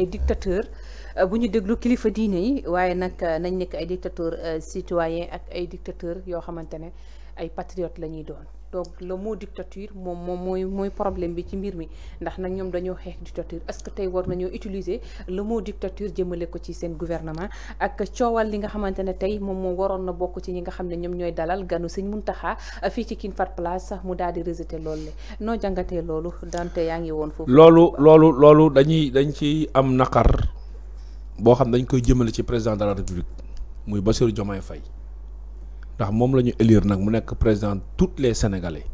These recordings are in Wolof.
ay dictateur euh, bu ñu déglu kilifa diine yi waaye nag euh, nañ nekk ay dictateur euh, citoyen ak ay dictateur yoo xamante ne ay patriote la ñuy doon donc le mot dictature moom moom mooy mooy problème bi ci mbir mi ndax nag ñoom dañoo xeex dictature est que tey war nañoo utiliser le mot dictature jëmale ko ci seen gouvernement ak coowal li nga xamante ne tey moom moom waroon na bokk ci ñi nga xam ne ñoom ñooy dalal ganu sëñ Muntaxa fii ci King Fahd Palace sax mu daal di rejeté loolu le noo jàngatee loolu dante yaa ngi woon foofu loolu loolu loolu dañuy dañ ci am naqar boo xam dañ koy jëmale ci président de la république muy Bassirou Diomaye ndax moom la ñu élire nag mu nekk président toutes les sénégalais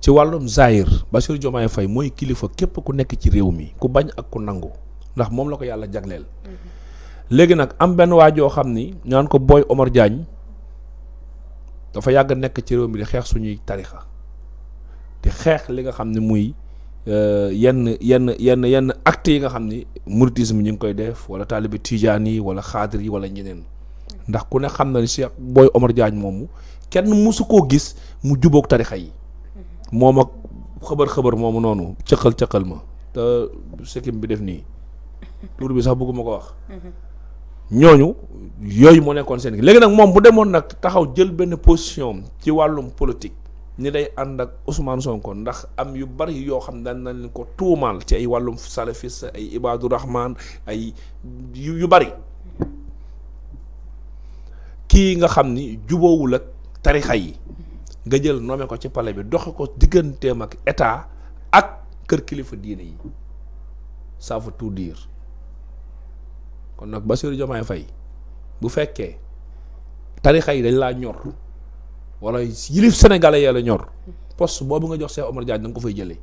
ci wàllum Zahir Bassirou Diomaye fay mooy kilifa képp ku nekk ci réew mi ku bañ ak ku nangu ndax moom la ko yàlla jagleel. Mm-hmm. léegi nag am benn waa joo xam ni ñaan ko booy Omar Diagne dafa yàgg nekk ci réew mi di xeex suñuy tarixa di xeex li nga xam ne muy euh, yenn yenn yenn yenn actes yi nga xam ni mouridisme ñu ngi koy def wala taalibi tijaan yi wala xaadir yi wala ñeneen. ndax ku ne xam na ne Cheikh Boy Omar Diagne moomu kenn mosu koo gis mu jubóog tarixa yi moom ak xëbar xëbar moomu noonu cëqal cëqal ma te sikkim bi def nii tur bi sax bëgguma ko wax. ñooñu yooyu moo nekkoon seen léegi nag moom bu demoon nag taxaw jël benn position ci wàllum politique ni day ànd ak Ousmane Sonko ndax am yu bari yoo xam na nañ ko tuumaal ci ay wàllum salafis ay Ibadu Rahman ay yu yu bari. kii nga xam ni juboowul ak tarixa yi nga jël nommé ko ci palais bi dox ko digganteem ak état ak kër kilifa diine yi ça veut tout dire kon nag Bassirou Diomaye fay bu fekkee tarixa yi dañ laa ñor wala yilif sénégalais yee ñor poste boobu nga jox Cheikh Omar Diagne da ko fay jëlee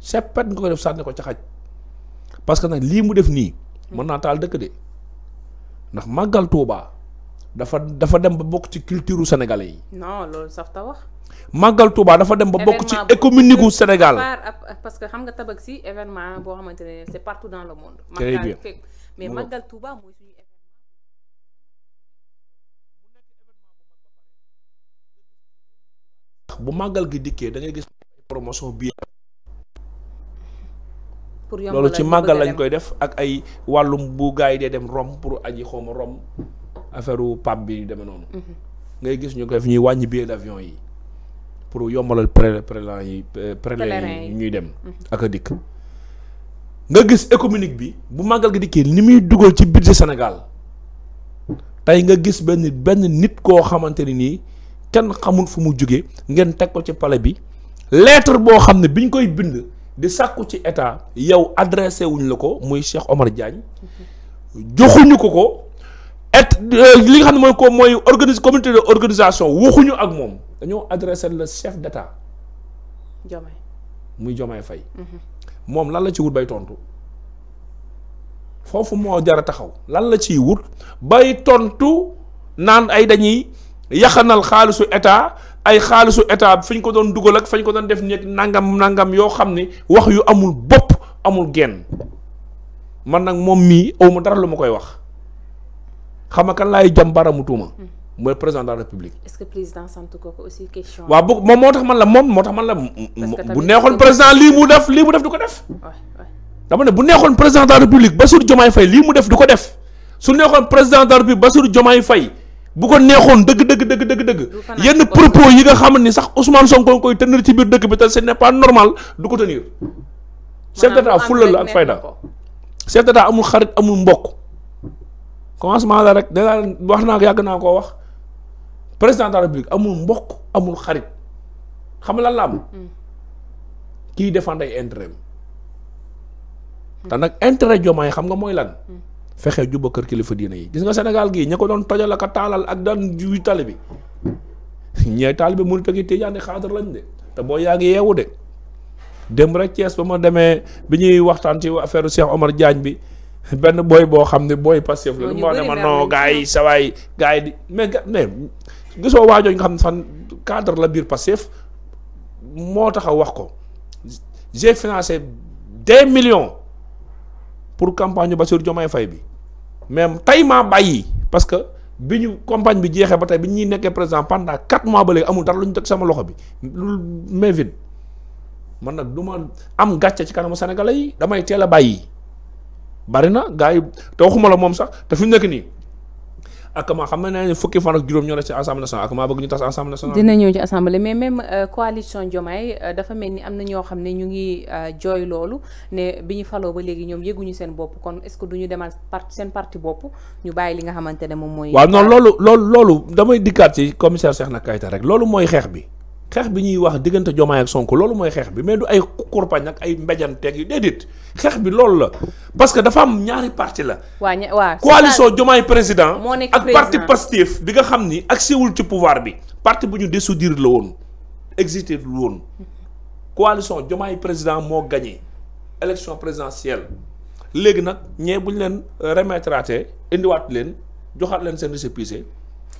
seppet nga ko def sànni ko ci xaj parce que nag lii mu def nii mën naa taal dëkk de ndax magal Touba dafa dafa dem ba bok ci culture sénégalais yi. non loolu saf ta wax. magal Touba dafa dem ba bok ci économie gu Sénégal. parce que xam nga tabak si événement bo xamante c'est partout dans le monde. très bien mais magal Touba mooy suñu bu magal gi dikke da ngay gis promotion bi pour yombalal loolu ci magal lañ koy def ak ay walum bu gaay de dem rom pour aji xawma rom affaireu pap bi dem noonu. Mhm. ngay gis ñu koy def ñuy wañ billet d'avion yi pour yombalal pré la yi la yi ñuy dem. Mhm. ak dik nga gis économique bi bu magal gi dikkee ni muy duggal ci budget Sénégal tay nga gis benn ben nit ko xamanteni ni nii kenn xamul fu mu jóge ngeen tek ko ci palais bi lettre bo xam ne biñ koy bind. di sàkku ci état yow adressé wuñ la ko muy Cheikh Omar Diagne joxuñu ko ko et euh, li nga xam ne mooy ko mooy organise communauté de organisation waxuñu ak moom dañoo adressé le chef d'état muy Diomaye Faye mhm. moom lan la ci wut bay tontu foofu moo jar a taxaw lan la ciy wut bay tontu naan ay dañuy yaxanal xaalisu état ay xaalisu état fi ko doon dugal ak fañ ko doon def nekk nangam nangam yoo xam ne wax yu amul bopp amul genn man nag moom mii aw dara lu ma koy wax xam nga kan laay jam baramu tuuma hmm. mooy président de la république. est-ce que président sant ko ko aussi question. waaw bu moom moo tax man la moom moo tax man la. bu neexoon président lii mu def lii mu def du ko def. dama ne bu neexoon président de la république Bassirou Diomaye Faye lii mu def du ko def su neexoon président de la république Bassirou Diomaye Faye bu ko neexoon dëgg dëgg dëgg dëgg dëgg yenn propos yi nga xam ni sax Ousmane Sonko koy tenir ci biir dëkk bi te ce n'est pas normal du ko tenir chef d'état fulal la ak fayda chef d'état amul xarit amul mbokk commencement la rek dèjà wax naa yàgg naa koo wax président de la république amul mbokk amul xarit xam lan la am hmm. kiy défendre ay intérêt tan nag intérêt jomaay xam nga mooy lan hmm fexé juba kër kilifa diina yi gis nga sénégal gii ñako don tojal ak talal ak dan juy talibi bi talibi mu tegi tijaani xaadar lañ de te bo yaa yewu yeewu de dem rek ties bama ma biñuy waxtaan ci affaire Cheikh Omar Diagne bi ben boy bo xam boy booy passif la lu ma dama non gars yi di mais ga mais gisoo waajooñ nga xam fan cadre la bir passif mo taxaw wax ko j'ai financé des millions pour campagne Bassirou Diomaye fay bi même tay ma bayyi parce que biñu ñu campagne bi jexé ba tey bi ñuy nekkee président pendant 4 mois ba lay amul dara luñu tek sama loxo bi lu mais vide man nak duma am gatcha ci kanamu sénégalais yi damay téla bayyi barina bari taw gars yi la moom sax te fuñu mu nekk nii. ak maa xam naa ne fukki fan ak juróom ñoo ne ci assemblée nationale ak maa bëgg ñu tas assemblée nationale. dina ci assemblée mais même euh, coalition Diomaye euh, dafa mel ni am na ñoo xam ne ñu ngi euh, jooy loolu ne bi ñu faloo ba léegi ñoom yëguñu seen bopp kon est-ce que du ñu demal seen parti bopp ñu bàyyi li nga xamante ne moom mooy. waaw non loolu loolu loolu damay dikkaat ci commissaire na Keïta rek loolu mooy xeex bi. xeex bi ñuy wax diggante Diomaye ak Sonko loolu mooy xeex bi mais du ay kurpañ ak ay mbejanteeg yu déedéet xeex bi loolu la parce que dafa am ñaari parti la. waa waaw coalition Diomaye président. moo nekk président ak parti Pastef bi nga xam ni accès wul ci pouvoir bi. parti bu ñu dissoudre la woon existé lu woon coalition Diomaye président moo gagné élection présidentielle léegi nag ñee bu ñu leen remettre indiwaat leen joxaat leen seen récépissé.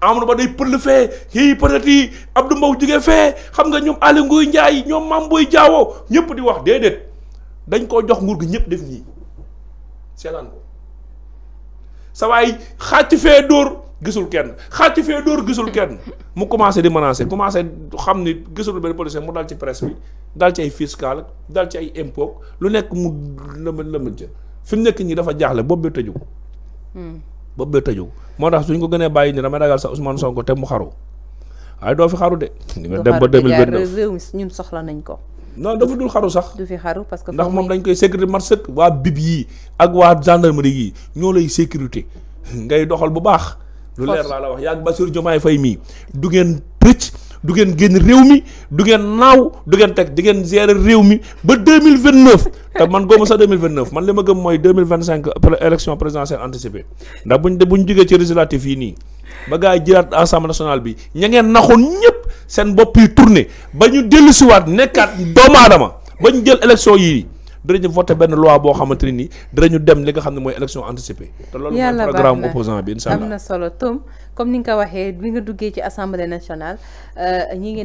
Amadou Ba day pël fee kii peut-être yi Abdou Mbow jóge fee xam nga ñoom Aly Ngouille Ndiaye ñoom Mame Boye Diao ñëpp di wax déedéet dañ koo jox nguur gi ñëpp def nii seetaan ko sa waay xàcc fee dóor gisul kenn xàcc fee dóor gisul kenn mu commencé di menacer commencé xam ni gisul benn policier mu dal ci presse bi dal ci ay fiscal dal ci ay impôt lu nekk mu lëmal lëmal ca fi mu nekk ñi dafa jaaxle bopp bi tëju ko hmm. boobu bee tëju moo tax suñ ko gënee bàyyi ni damay ragal sa Ousmane Sonko te mu xaru waaye doo fi xaru de. di nga dem ba 2029 réew mi ñun soxla nañ ko. non dafa dul xaru sax. du fi parce que. ndax moom dañ koy sécurité mat sëkk waa bib yii ak waa gendarmerie yii ñoo lay sécurité ngay doxal bu baax. lu leer laa la wax yaa ak Bassirou Diomaye Faye mii du ngeen tëcc. du ngeen génn réew mi du ngeen naaw du ngeen teg di ngeen gérer réew mi ba deux mille vingt neuf te man góobu sax deux mille vingt neuf man li ma gëm mooy deux mille vingt cinq élection présidentielle anticipée ndax buñ de buñ jógee ci législatif yi nii ba gars yi jëlaat assemblée nationale bi ña ngeen naxoon ñëpp seen bopp yi tourné ba ñu dellusiwaat nekkaat doomu aadama ba ñu jël élection yii. dinañu voté benn loi boo xamante ne nii dem li nga xam ne mooy élection anticipée. te loolu mooy programme opposant bi am na solo Tom comme ni nga waxee bi nga duggee ci assemblée nationale euh, ñi ngi.